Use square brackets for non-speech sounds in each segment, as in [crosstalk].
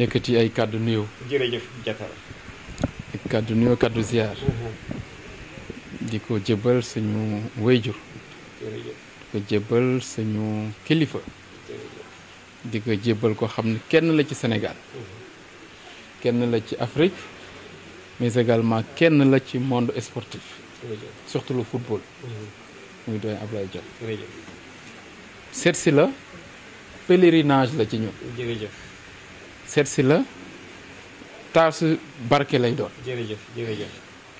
yëkkati ay kàddu nuyoo. jërëjëf jatara kàddu nuyoo mhm. di ko jébbal suñu wéyjur. di ko jébbal suñu kilifa. di ko jébbal ko xam ne kenn la ci Sénégal. Mhm. kenn la ci Afrique mais également kenn la ci monde sportif. surtout le football. Mhm. muy la pèlerinage la ci ñun. seet si la taasu barke lay doon. jërëjëf jërëjëf.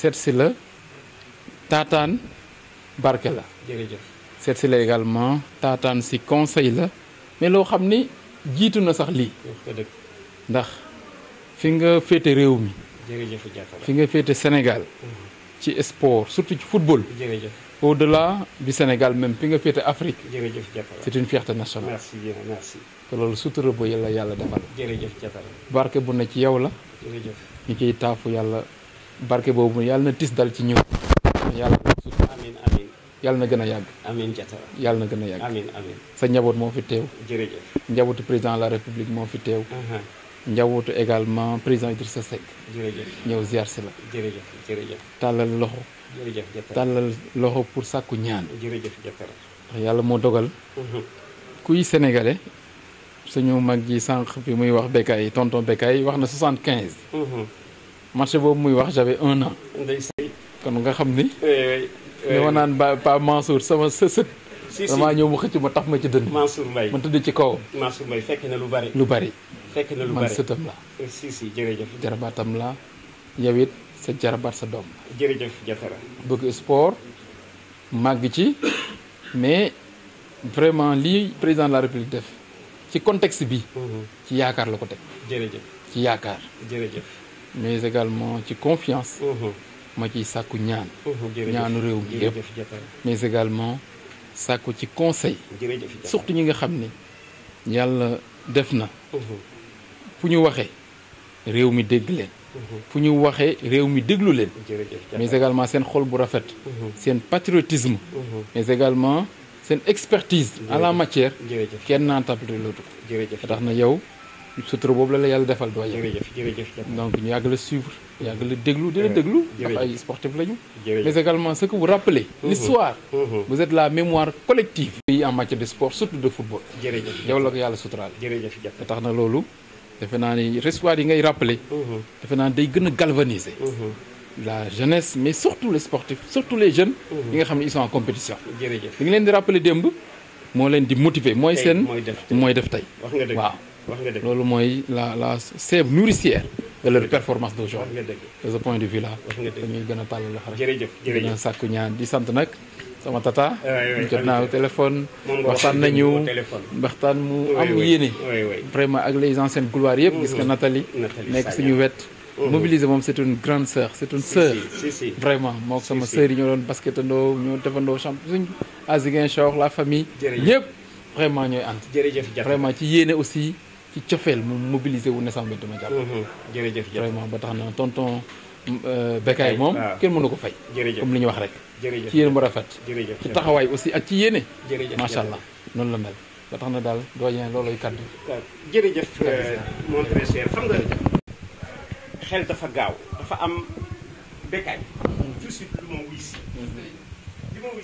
seet si la taataan barke la. jërëjëf seet si la également taataan si conseil la mais loo xam ne jiitu na sax lii. ndax fi nga féete réew mi. jërëjëf fi nga féete Sénégal. Mhm. ci sport surtout ci football. de la bi Sénégal même fi nga féete Afrique. jërëjëf c' est une fierté nationale. merci merci. te loolu sutura bu yàlla yàlla defal. jërëjëf barke bu ne ci yow la. jërëjëf ñu ciy taafu yàlla barke boobu yàlla na tis dal ci ñëw. yàlla amiin amiin yàlla na gën a yàgg. amiin jatara yàlla na gën a yàgg. amiin amiin sa njaboot moo fi teew. jërëjëf njabootu président la république moo fi teew. njawootu également président Idrissa Seck. jërëjëf ñëw ziar la. jërëjëf jërëjëf. tàllal loxo. jërëjëf tàllal loxo pour sàkku ñaan. jërëjëf jàppale. yàlla moo dogal. Mhm. kuy sénégalais. suñu mag ji sànq bi muy wax Bécaye tonton Bécaye wax na soixante quinze. Mhm. marché boobu muy wax j'avais un an. kon nga xam ni. li naan ba Pa Mansour sama sësët. si si damaa ñëw mu xëcc ma tax ma ci dënn. Mansour Mbaye ma tëdd ci kaw Mansour lu bari. lu bari. fekk na lu bari man sëtam la. Eh, si si jërëjëf. jarabaatam la yow it sa jarabaat sa doom. jërëjëf jatara bëgg sport màgg ci mais vraiment lii président de la république def ci contexte bi. Mhm. ci yaakaar la ko teg. jërëjëf ci yaakaar. jërëjëf mais également ci confiance. Mhm. ma ciy sàkku ñaan. Mhm, ñaanu réew mi yëpp mais également sàkku ci conseil. surtout ñi nga xam ni yàlla def na. fu ñu waxee réew mi dégg leen mhm. fu ñu waxee réew mi déglu leen mais également seen xol bu rafet mhm. seen patriotisme mhm. mais également seen expertise à la matière kenn naan tapale lootu ko tax na yow sutura boobu la la yàlla defal doo yàgg donc ñu yàgg la suivre yàgg la déglu di la déglu ndax ay sportif lañu mais également ce que vous rappelez l'histoire vous êtes la mémoire collective yi en matière de sport surtout de football yow la ko yàlla suturaal tax na loolu defe naa ni histoire yi ngay rappeler. Mhm. defe naa day gën a galvaniser. Mhm. la jeunesse mais surtout les sportifs surtout les jeunes. Mhm. yi nga xam ne ils sont en compétition. jërëjëf li ngi leen di rappeler démb moo leen di motiver mooy seen. mooy def tey wax nga dëgg waaw. wax nga dëgg loolu mooy la la sève nourricière. de leur performance d'aujourd'hui. de ce point de vue là. dañuy gën a tàllal la xar. ñaan di sant nag. sama tata. jot naa téléphone. waxtaan nañu waxtaan mu am yéene. vraiment ak les anciennes gloires yëpp. gis nga mm-hmm. nekk suñu wet. Mm-hmm. mobiliser moom c'est une grande sœur c'est une sœur. vraiment moo sama sœur yi ñoo doon basketandoo ñoo defandoo champion à Ziguinchor la famille. ñëpp vraiment ñooy ànd. vraiment ci yéene aussi ci cofeel mu mobiliser wu ne sàmm dama jàpp. Mm-hmm. jërëjëf vraiment ba tax na tonton. Euh, Bécaye moom kenn mënu ko fay comme li ñu wax rek ci yéen mu rafet ci taxawaay aussi ak ci yéene macha allah noonu la mel ba tax na daal doyen looloy kaddu euh, jërëjëf euh, mon très xel dafa gaaw dafa am Bécaye tout de suite lu ma wuy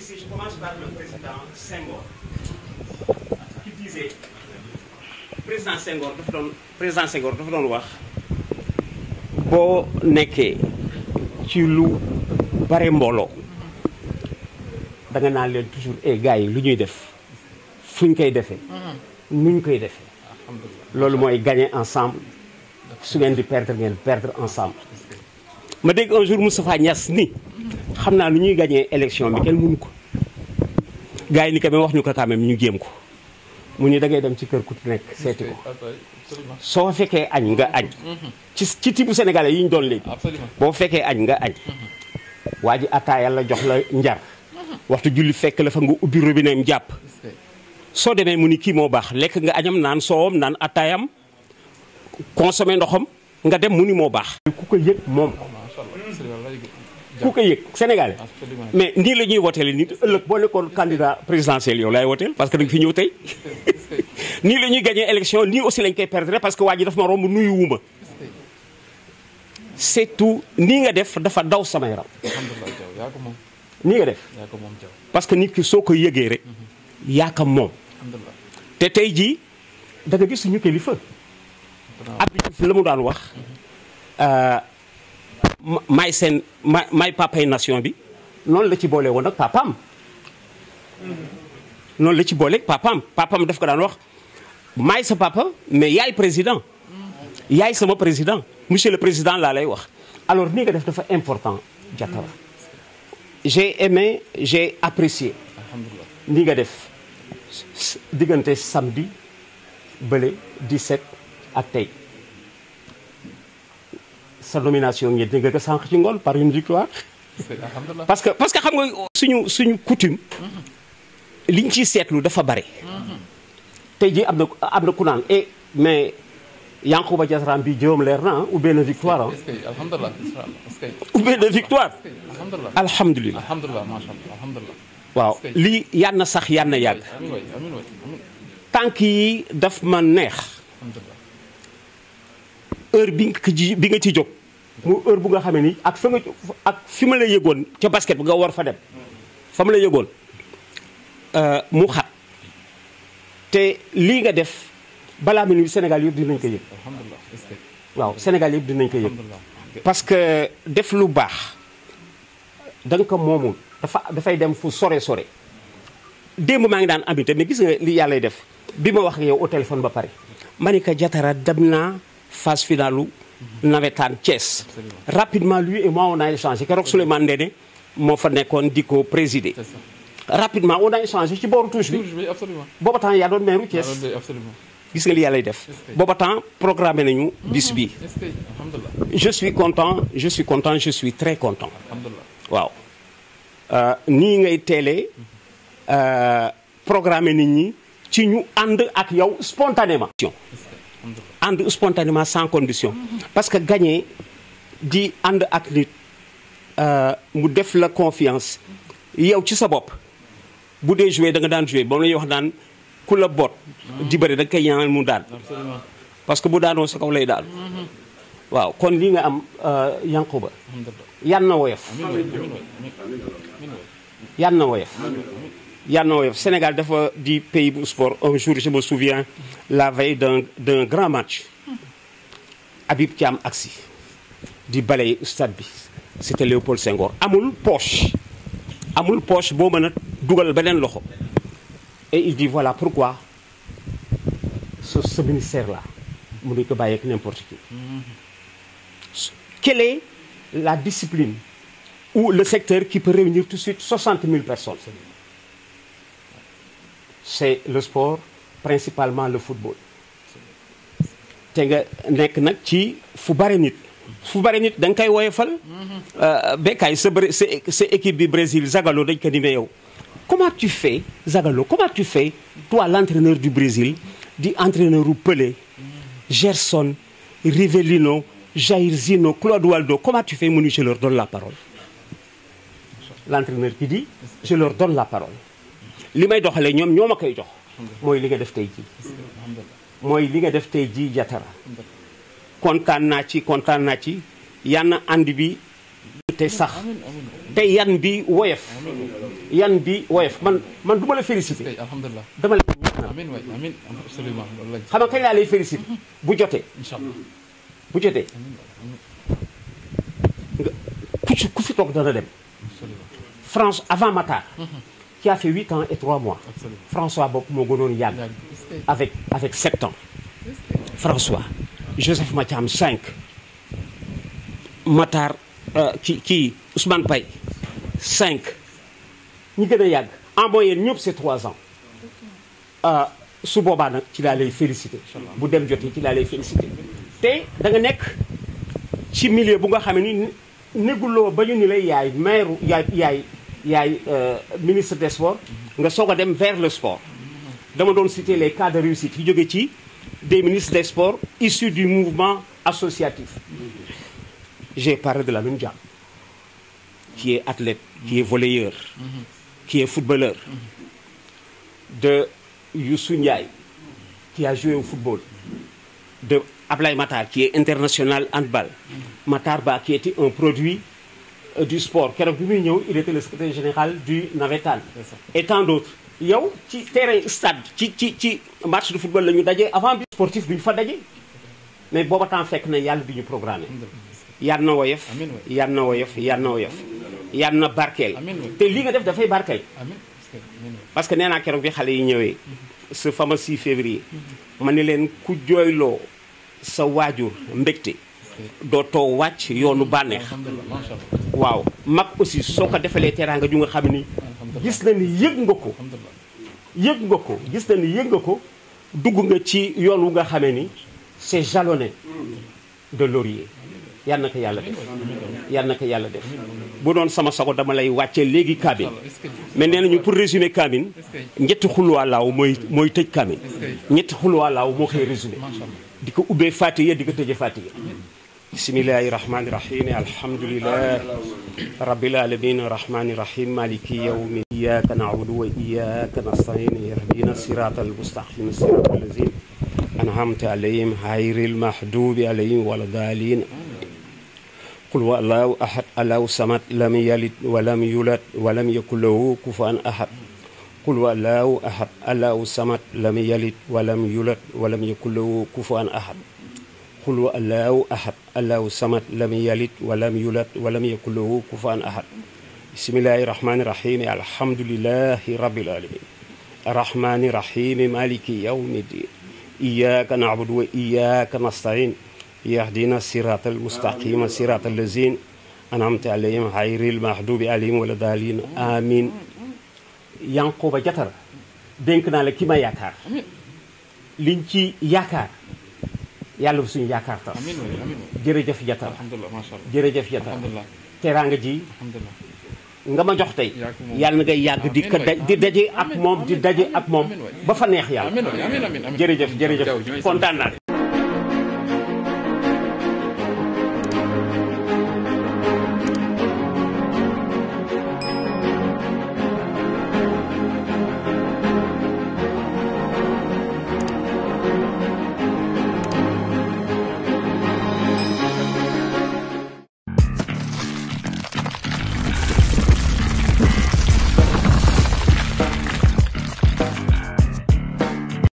président Senghor dafa doon président Senghor dafa doon wax boo nekkee ci lu bare mbooloo da naa leen toujours e gars yi lu ñuy def fuñ koy defee mm-hmm. koy defee loolu mooy gagner ensemble su ngeen di perdre ngeen perdre ensemble ma dégg un jour Moustapha Niass ni mm-hmm. xam naa lu ñuy gañee élection bi kenn mënu ko gars yi ni quand même wax ñu ko quand ñu gém ko mu ni da ngay dem ci kër ku nekk seeti ko soo fekkee añ nga añ ci ci tibu sénégalais yi ñu doon léegi boo fekkee añ nga añ waa ji ataaya la jox la njar waxtu julli fekk la fa nga ubbi robineem jàpp soo demee mu ni kii moo baax lekk nga añam naan soowam naan ataayam consommé ndoxam nga dem mu ni moo baax ku ku ko yëg sénégalais mais nii la ñuy woteel nit ëllëg boo nekkoon candidat présidentiel yow laay woteel parce que da nga fi ñëw tey nii la ñuy gagné élection nii aussi lañ koy perdre parce que waa ji dafa ma romb nuyu wuma c'est nii nga def dafa daw sama yaram nii nga def parce que nit ki soo ko yëgee rek mhm. yaa ko moom te tey jii da nga gis suñu kilifa Abdou la mu daan wax mhm. euh, may seen ma may papay nation bi noonu la ci boole woon ak papaam noonu la ci boole papaam papaam def ko daan wax maay sa papa mais yaay président yaay sama président monsieur le président laa lay wax alors ni nga def dafa important Diatara j'ai aimé j'ai apprécié ni nga def diggante samedi bële 17 ak tey sa nomination ngeen dégg nga sànq ci ngoon par une victoire. parce que parce que xam nga suñu suñu coutume. Mm-hmm. liñ ciy seetlu dafa bare. Mm-hmm. tey jii am na am na ku naan eh, mais Yankuba Diazram bi jëwam leer na ah ubbee na victoire ah. alhamdulilah ubbee na victoire. alhamdulilah waaw lii yànn na sax yànn na yàgg. tànk yi daf ma neex. heure bi nga ci bi nga ci jóg. mu heure bu nga xamee ni ak fa ak fi ma la yëgoon ca basket bi nga war fa dem fa ma la yëgoon euh, mu xat te lii nga def balaa mi ni Sénégal yëpp dinañ ko yëg waaw Sénégal yëpp dinañ ko yëg parce que def lu baax da ko moomul dafa dafay dem fu sore sore démb maa ngi daan am mais gis nga li yàllay def bi ma wax ak yow au téléphone ba pare ma ni ko jatara dem naa phase finalu nawetaan Thiès. rapidement lui et moi on a échangé keroog Souleymane Ndéné moo fa nekkoon di ko présider. rapidement on a échangé ci booru touche bi. booba temps yaa doon meeru Thiès. gis nga li yàlla def booba temps programmé nañu mhm. bis bi. je suis content je suis content je suis très content. waaw euh, nii ngay teelee mhm. euh, programmé nit ñi ci ñu ànd ak yow spontanément. ànd spontanément sans condition parce que gagner di ànd ak nit euh, mu def la confiance yow ci sa bopp bu dee joué da nga daan joué ba mu la ñuy wax daan ku la boot di bëri da nga koy ñaanal mu daan parce que bu daanoo sa kaw lay daal mm-hmm. waaw kon li nga am euh, Yankuba yan na woyof yan na woyof yal na woyof Sénégal dafa di pays bu sport un jour je me souviens la veille d'un d'un grand match Habib Thiam agsi di balay stade bi c'était Léopold Senghor amul poche amul poche boo mën a dugal beneen loxo et il dit voilà pourquoi ce ce ministère là mënuñ ko bàyyeek n'importe qui quelle est la discipline ou le secteur qui peut réunir tout de suite 60 000 personnes c'est le sport principalement le football te nga nekk nag ci fu bare nit fu bare nit da nga koy woyofal mhm. euh, Bécaye sa sa équipe du Brésil Zagallo dañ ko nime yow comment tu fais Zagallo comment tu fais toi l'entraîneur du Brésil di entraîneur u Pelé Gerson Rivelino Jair Zino Claude Waldo comment tu fais mu ni je leur donne la parole l'entraîneur qui dit je leur donne la parole li may doxalee ñoom ñoo ma koy jox mooy li nga def tey ji mooy li nga def tey jii jatara kontaan naa ci kontaan naa ci yan ànd bi tey sax te yan bi woyof yan bi woyof man man du ma la félicité alhamdulilah dama la ñaanal xam nga kañ laa félicité [laughs] bu jotee bu jotee ku ci ku fi toog dana dem France avant Matar [laughs] ci a fait huit ans et trois mois. Absolument. François bopp moo gënoon yàgg. avec avec sept ans. François. Joseph Mathiam cinq. Matar euh, kii ki Ousmane Paye cinq. ñi gën a yàgg en moyenne ñëpp c'est trois ans. Euh, su boobaa nag ci laa lay féliciter. bu dem jotee ci laa lay féliciter. te da nga nekk ci milieu bu nga xam ne néguloo ba ñu ni lay yaay meeru yaay yaay. yaay euh, ministre des sports nga soog a dem vers le sport dama doon citer les cas de réussite yu jóge ci des ministres des sports issus du mouvement associatif j'ai parlé de la Dia qui est athlète qui est volleyeur qui est footballeur de Youssou Ndiaye qui a joué au football de Ablaye Matar qui est international handball Matar Ba qui était un produit Euh, du sport keroog bi muy ñëw il était le secrétaire général du Navétane et tant d'autres yow ci terrain stade ci ci ci match de football la ñu daje avant bi sportif bi ñu fa daje mais booba temps fekk na yàlla du ñu programmé yàlla na woyof yàlla na woyof yàlla na woyof yàlla na barkeel te li nga def dafay barkeel parce que nee naa keroog bi xale yi ñëwee mm-hmm. ce fameux 6 février ma ne leen ku jooyloo sa waajur mbégte dootoo wàcc yoonu bànneex waaw mag aussi soo ko defalee teraanga ju nga xam ni gis na ni yëg nga ko yëg nga ko gis na ni yëg nga ko dugg nga ci yoon wu nga xamee ni c'est jalonné de laurier yal na yàlla def yal na ko yàlla def bu doon sama sago dama lay wàccee léegi kaamil mel nee nañu pour résumer kaamil ñetti xulwaalaaw mooy mooy tëj kaamil ñetti xulwaalaaw moo koy résumé di ko ubbee fatiya di ko tëjee fatiya bismillahi rahmani rahim alhamdulilah rabbil alamin rahmani rahim maliki yawmi iyaka na'budu wa iyaka nasta'in ihdina siratal mustaqim siratal lazina an'amta alayhim ghayril mahdubi alayhim waladdallin qul huwa allahu ahad allahu samad lam yalid wa lam yulad wa lam yakul lahu kufuwan ahad qul huwa allahu ahad allahu samad lam yalid wa lam yulad wa lam yakul lahu kufuwan ahad qul wa allahu ahad allahu samad lam yalid walam yulad walam yakun lahu kufuwan ahad bismillahi rahmani rahim alhamdulilahi rabbil alamin arrahmani rahim maliki yawmi din iyaka nabudu wa iyaka nastain yahdina sirata almustaqima sirata allazin anamta alayhim xayril mahdubi alayhim wala dalin amin yanquba jatar dénk naa la ki ma yaakaar liñ ci yaakaar yàlla bu suñu yaakaar tax jërëjëf jatal jërëjëf jatal teraanga ji nga ma jox tey yàlla na ngay yàgg di ko di daje ak moom di daje ak moom ba fa neex yàlla jërëjëf jërëjëf kontaan naa